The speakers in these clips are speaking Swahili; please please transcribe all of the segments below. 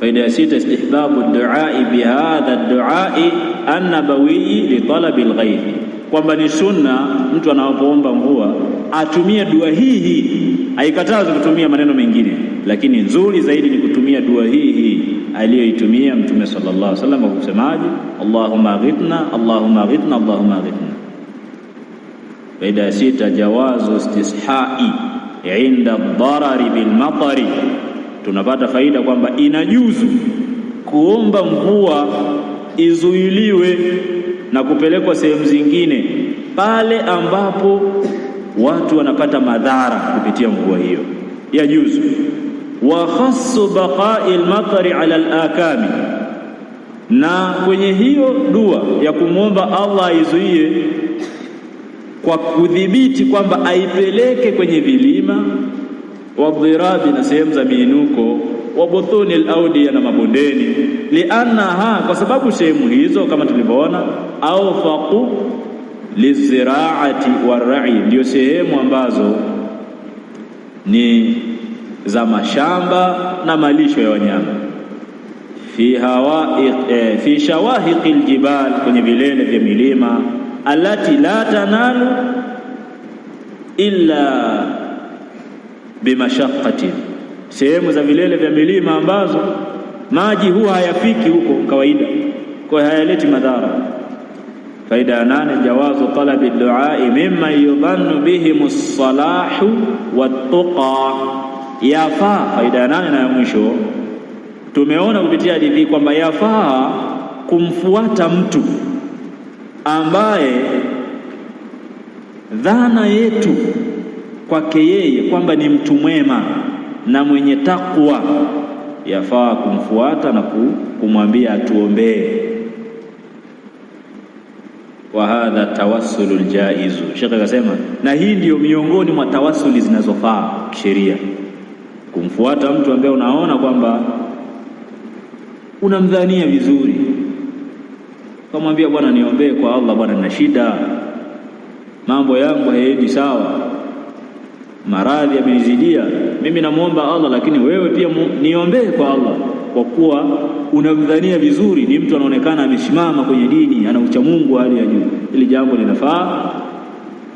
Faida ya sita, istihbabu duai bihadha duai annabawiyi litalabi lghaithi, kwamba ni sunna mtu anapoomba mvua atumie dua hii hii, Haikatazi kutumia maneno mengine, lakini nzuri zaidi ni kutumia dua hii hii aliyoitumia Mtume sallallahu alaihi wasallam kwa kusemaje? Allahumma ghithna, Allahumma ghithna, Allahumma ghithna. Faida ya sita, jawazu istishai inda dharari bilmatari tunapata faida kwamba inajuzu kuomba mvua izuiliwe na kupelekwa sehemu zingine pale ambapo watu wanapata madhara kupitia mvua hiyo, yajuzu wa khassu baqai lmatari ala lakami. Na kwenye hiyo dua ya kumwomba Allah aizuie kwa kudhibiti kwamba aipeleke kwenye vilima wadhirabi, na sehemu za miinuko, wa buthuni na mabondeni. Liannaha, kwa sababu sehemu hizo kama tulivyoona, awfaqu liziraati warai, ndio sehemu ambazo ni za mashamba na malisho ya wanyama fi hawa, eh, fi shawahiqi ljibal, kwenye vilele vya milima, alati la tanalu illa bimashaqqati, sehemu za vilele vya milima ambazo maji huwa hayafiki huko kawaida, kwa hayaleti madhara. Faida ya nane, jawazu talabi duai mimman yudhannu bihim lsalahu wattuqa, yafaa. Faida ya nane na ya mwisho, tumeona kupitia hadithi kwamba yafaa kumfuata mtu ambaye dhana yetu kwake yeye kwamba ni mtu mwema na mwenye takwa, yafaa kumfuata na kumwambia atuombee. Wa hadha tawassulu ljaizu, shekha akasema, na hii ndiyo miongoni mwa tawassuli zinazofaa sheria, kumfuata mtu ambaye unaona kwamba unamdhania vizuri, kamwambia bwana, niombee kwa Allah, bwana nina shida, mambo yangu hayaendi sawa maradhi yamenizidia mimi, namwomba Allah, lakini wewe pia niombee kwa Allah, kwa kuwa unamdhania vizuri, ni mtu anaonekana amesimama kwenye dini, ana ucha Mungu hali ya juu. Hili jambo linafaa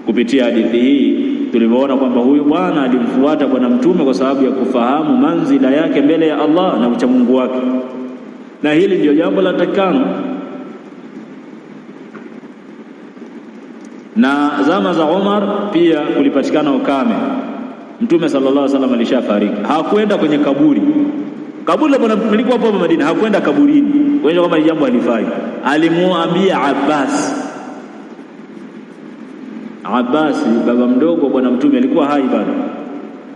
kupitia hadithi hii tulivyoona kwamba huyu bwana alimfuata Bwana Mtume kwa sababu ya kufahamu manzila yake mbele ya Allah na uchamungu wake, na hili ndio jambo la takano na zama za Omar pia kulipatikana ukame. Mtume sallallahu alaihi wasallam alishafariki, hakwenda kwenye kaburi. Kaburi lilipo hapo Madina, hakwenda kaburini kuonyesha kwamba ni jambo alifai. Alimwambia Abbas, Abbas baba mdogo bwana Mtume alikuwa hai bado,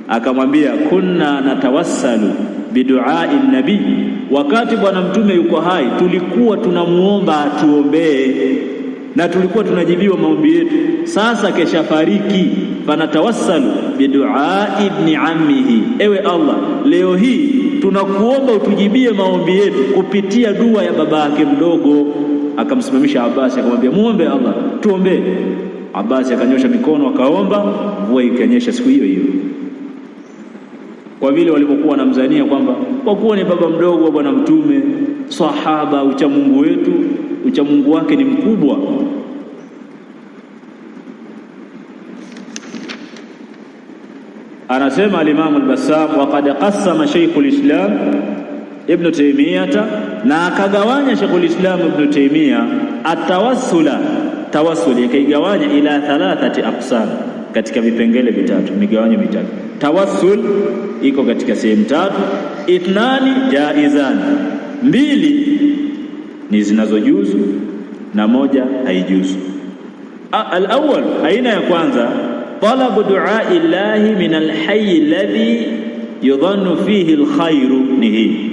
akamwambia kunna natawassalu biduai nabii, wakati bwana Mtume yuko hai tulikuwa tunamuomba atuombee na tulikuwa tunajibiwa maombi yetu. Sasa kesha fariki, fanatawassalu bidua ibni ammihi, ewe Allah, leo hii tunakuomba utujibie maombi yetu kupitia dua ya baba yake mdogo. Akamsimamisha Abasi akamwambia muombe Allah, tuombee. Abasi akanyosha mikono akaomba, mvua ikanyesha siku hiyo hiyo, kwa vile walivyokuwa wanamzania kwamba kwa kuwa ni baba mdogo wa Bwana Mtume, sahaba uchamungu Mungu wetu uchamungu wake ni mkubwa. Anasema alimamu al-Bassam, waqad qassama Sheikhul Islam ibn Taymiyata, na akagawanya Sheikhul Islam ibn Taymiya atawassula tawassuli, akaigawanya ila thalathati aqsam, katika vipengele vitatu, migawanyo mitatu. Tawassul iko katika sehemu tatu, ithnani jaizan, mbili ni zinazojuzu na moja haijuzu. Alawal, aina ya kwanza, talabu du'a illahi min alhayy alladhi yudhannu fihi alkhairu, ni hii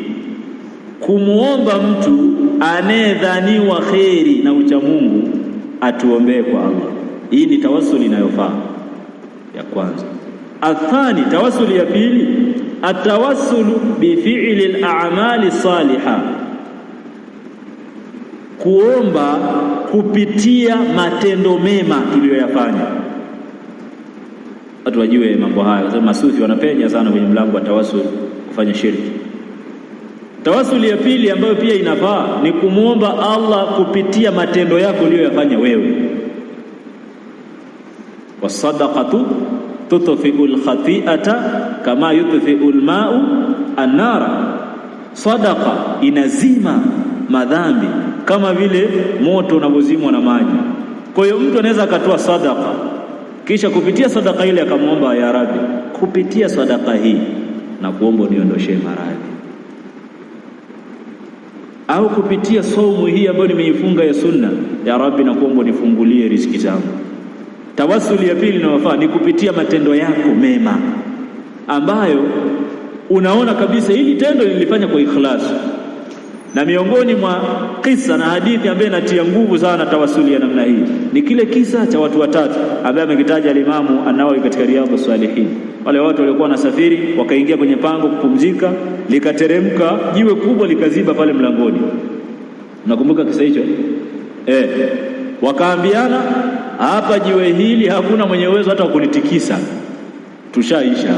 kumwomba mtu anayedhaniwa kheri na ucha Mungu atuombee kwa Allah. Hii ni tawassuli inayofaa ya kwanza. Athani, tawassuli ya pili, atawassulu bifi'li al-a'mali salihah kuomba kupitia matendo mema tuliyoyafanya. Watu wajue mambo haya, kwa sababu masufi wanapenya sana kwenye mlango wa tawasul kufanya shirki. Tawasuli ya pili ambayo pia inafaa ni kumwomba Allah kupitia matendo yako uliyoyafanya wewe. Wasadaqatu tutfiu lkhatiata kama yutfiu lmau annara, sadaqa inazima madhambi kama vile moto unavyozimwa na maji. Kwa hiyo mtu anaweza akatoa sadaka, kisha kupitia sadaka ile akamwomba, ya Rabbi, kupitia sadaka hii na kuomba uniondoshee maradhi, au kupitia saumu hii ambayo nimeifunga ya sunna, ya Rabbi, na kuomba nifungulie riziki zangu. Tawasuli ya pili inayofaa ni kupitia matendo yako mema ambayo unaona kabisa hili tendo lilifanya kwa ikhlasi. Na miongoni mwa kisa na hadithi ambaye inatia nguvu sana tawasuli ya namna hii ni kile kisa cha watu watatu ambaye amekitaja alimamu an katika Riyadhus Salihin. Wale watu waliokuwa wanasafiri wakaingia kwenye pango kupumzika, likateremka jiwe kubwa likaziba pale mlangoni. Nakumbuka kisa hicho eh, wakaambiana hapa, jiwe hili hakuna mwenye uwezo hata wa kulitikisa, tushaisha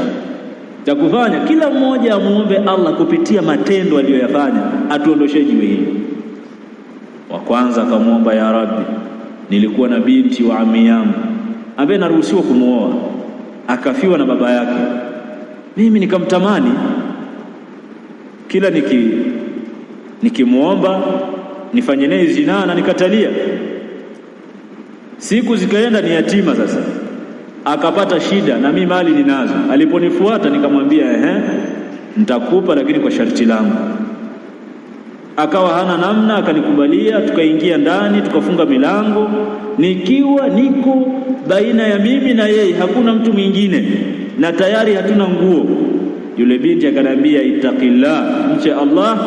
cha kufanya kila mmoja amuombe Allah kupitia matendo aliyoyafanya atuondoshe jiwe hili. Wa kwanza akamwomba, ya Rabbi, nilikuwa na binti wa ami yangu ambaye naruhusiwa kumwoa, akafiwa na baba yake. Mimi nikamtamani kila niki nikimwomba nifanye naye zinaa na nikatalia. Siku zikaenda, ni yatima sasa akapata shida, na mimi mali ninazo. Aliponifuata nikamwambia ehe, nitakupa lakini kwa sharti langu. Akawa hana namna, akanikubalia, tukaingia ndani, tukafunga milango, nikiwa niko baina ya mimi na yeye, hakuna mtu mwingine, na tayari hatuna nguo. Yule binti akaniambia, ittaqillah, mche Allah,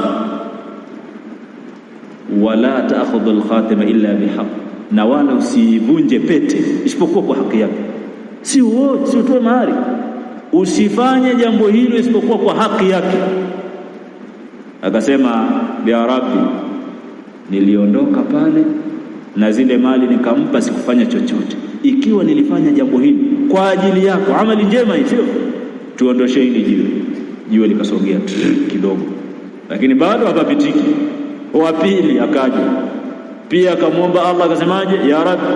wala taakhudhu alkhatima illa bihaq, na wala usiivunje pete isipokuwa kwa haki yako si uote, si utoe mahari, usifanye jambo hilo isipokuwa kwa haki yake. Akasema, ya Rabbi, niliondoka pale na zile mali nikampa, sikufanya chochote. Ikiwa nilifanya jambo hili kwa ajili yako, amali njema hii, sio tuondoshe hili jiwe. Jiwe likasogea kidogo, lakini bado akapitiki. Wa pili akaja pia akamwomba Allah, akasemaje? Ya Rabbi,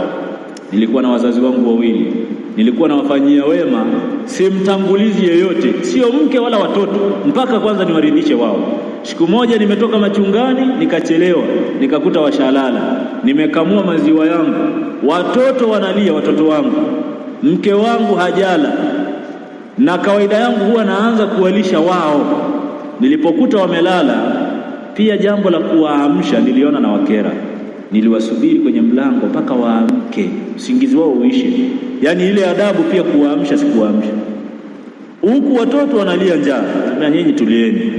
nilikuwa na wazazi wangu wawili nilikuwa nawafanyia wema, simtangulizi yeyote, sio mke wala watoto, mpaka kwanza niwaridhishe wao. Siku moja nimetoka machungani, nikachelewa, nikakuta washalala, nimekamua maziwa yangu, watoto wanalia, watoto wangu, mke wangu hajala, na kawaida yangu huwa naanza kuwalisha wao. Nilipokuta wamelala, pia jambo la kuwaamsha niliona na wakera niliwasubiri kwenye mlango mpaka waamke, usingizi wao uishe. Yaani ile adabu pia kuwaamsha, sikuwaamsha huku watoto wanalia njaa, na nyinyi tulieni.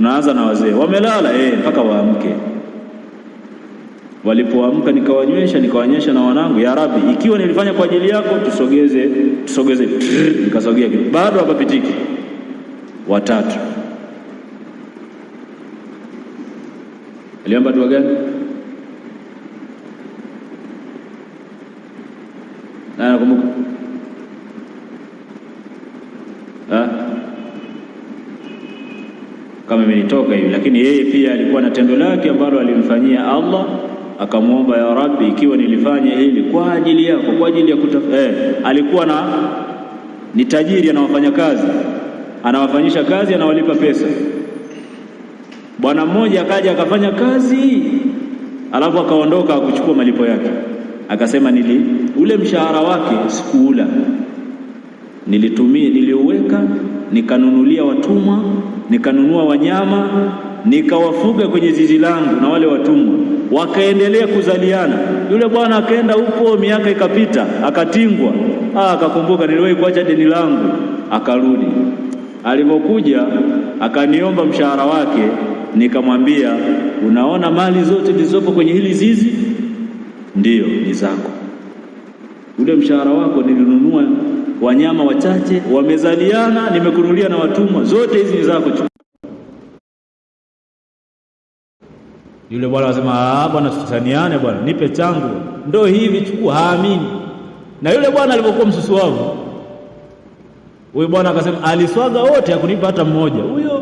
Naanza na wazee wamelala eh, mpaka waamke. Walipoamka nikawanywesha, nikawanywesha na wanangu. Ya Rabbi, ikiwa nilifanya kwa ajili yako tusogeze, tusogeze. Nikasogea kidogo, bado hapapitiki. Watatu Aliomba dua gani? Na nakumbuka kama imenitoka hivi, lakini yeye pia alikuwa na tendo lake ambalo alimfanyia Allah, akamwomba ya Rabbi, ikiwa nilifanya hili kwa ajili yako, kwa ajili ya kutafuta eh, alikuwa na ni tajiri, anawafanya kazi, anawafanyisha kazi, anawalipa pesa Bwana mmoja akaja akafanya kazi alafu akaondoka akuchukua malipo yake, akasema nili ule mshahara wake sikuula, nilitumia, niliuweka nikanunulia watumwa, nikanunua wanyama, nikawafuga kwenye zizi langu, na wale watumwa wakaendelea kuzaliana. Yule bwana akaenda huko, miaka ikapita, akatingwa, ah, akakumbuka, niliwahi kuacha deni langu, akarudi. Alipokuja akaniomba mshahara wake nikamwambia, unaona mali zote zilizopo kwenye hili zizi ndiyo ni zako. Ule mshahara wako nilinunua wanyama wachache wamezaliana, nimekunulia na watumwa, zote hizi ni zako. Yule bwana anasema, ah, bwana, tusitaniane bwana, nipe changu, ndo hivi chukua. Haamini. Na yule bwana alipokuwa msusuavu, huyu bwana akasema, aliswaga wote, hakunipa hata mmoja. Huyo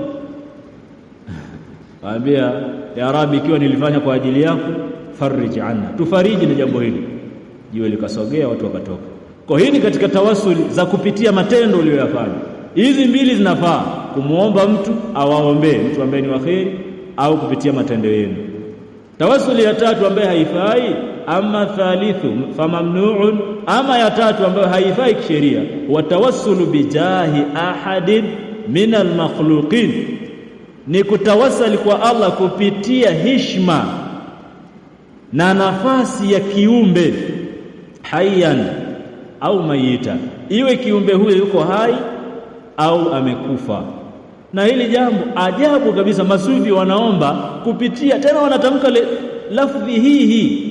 waambia ya Rabbi, ikiwa nilifanya kwa ajili yako farij anna, tufariji na jambo hili. Jiwe likasogea, watu wakatoka. Kwa hii ni katika tawasuli za kupitia matendo uliyoyafanya. Hizi mbili zinafaa, kumwomba mtu awaombee mtu ambaye ni waheri au kupitia matendo yenu. Tawasuli ya tatu ambayo haifai ama thalithu famamnuun, ama ya tatu ambayo haifai kisheria, watawasulu bijahi ahadin min almakhluqin ni kutawasali kwa Allah kupitia hishma na nafasi ya kiumbe hayyan au mayita, iwe kiumbe huyo yuko hai au amekufa. Na hili jambo ajabu kabisa, masufi wanaomba kupitia tena, wanatamka lafdhi hii hii,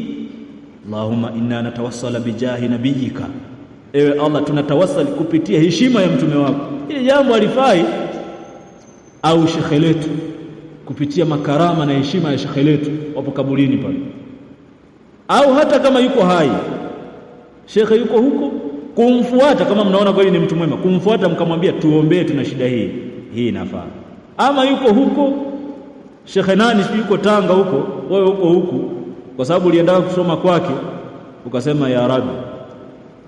Allahumma inna natawassala bijahi nabiyika, ewe Allah tunatawassali kupitia heshima ya mtume wako. Hili jambo alifai au shekhe letu kupitia makarama na heshima ya shekhe letu, wapo kaburini pale, au hata kama yuko hai shekhe yuko huko, kumfuata kama mnaona kweli ni mtu mwema, kumfuata mkamwambia, tuombee, tuna shida hii hii, inafaa. Ama yuko huko shekhe nani, si yuko Tanga huko, wewe huko huku, kwa sababu uliendaka kusoma kwake, ukasema ya Rabbi,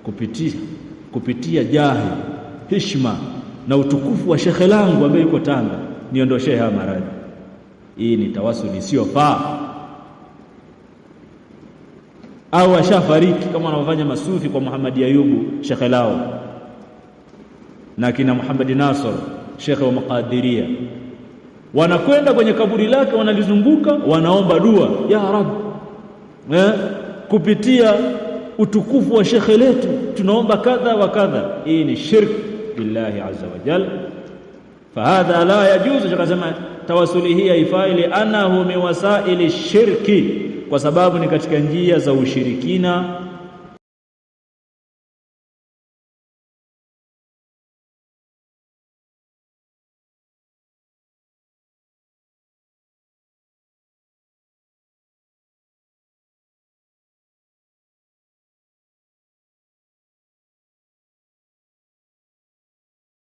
kupitia kupitia jahi, heshima na utukufu wa shekhe langu ambaye yuko Tanga niondoshee haya maradhi. Hii ni tawasuli isiyofaa. Au ashafariki kama wanavyofanya masufi kwa Muhammad Ayubu shekhe lao na kina Muhammad Nasr shekhe wa Maqadiria, wanakwenda kwenye kaburi lake, wanalizunguka, wanaomba dua ya Rabb, eh, kupitia utukufu wa shekhe letu tunaomba kadha wa kadha. Hii ni shirk billahi azza wa jalla fahadha la yajuzu. Akasema tawasuli hii haifai, li min wasaili shirki, kwa sababu ni katika njia za ushirikina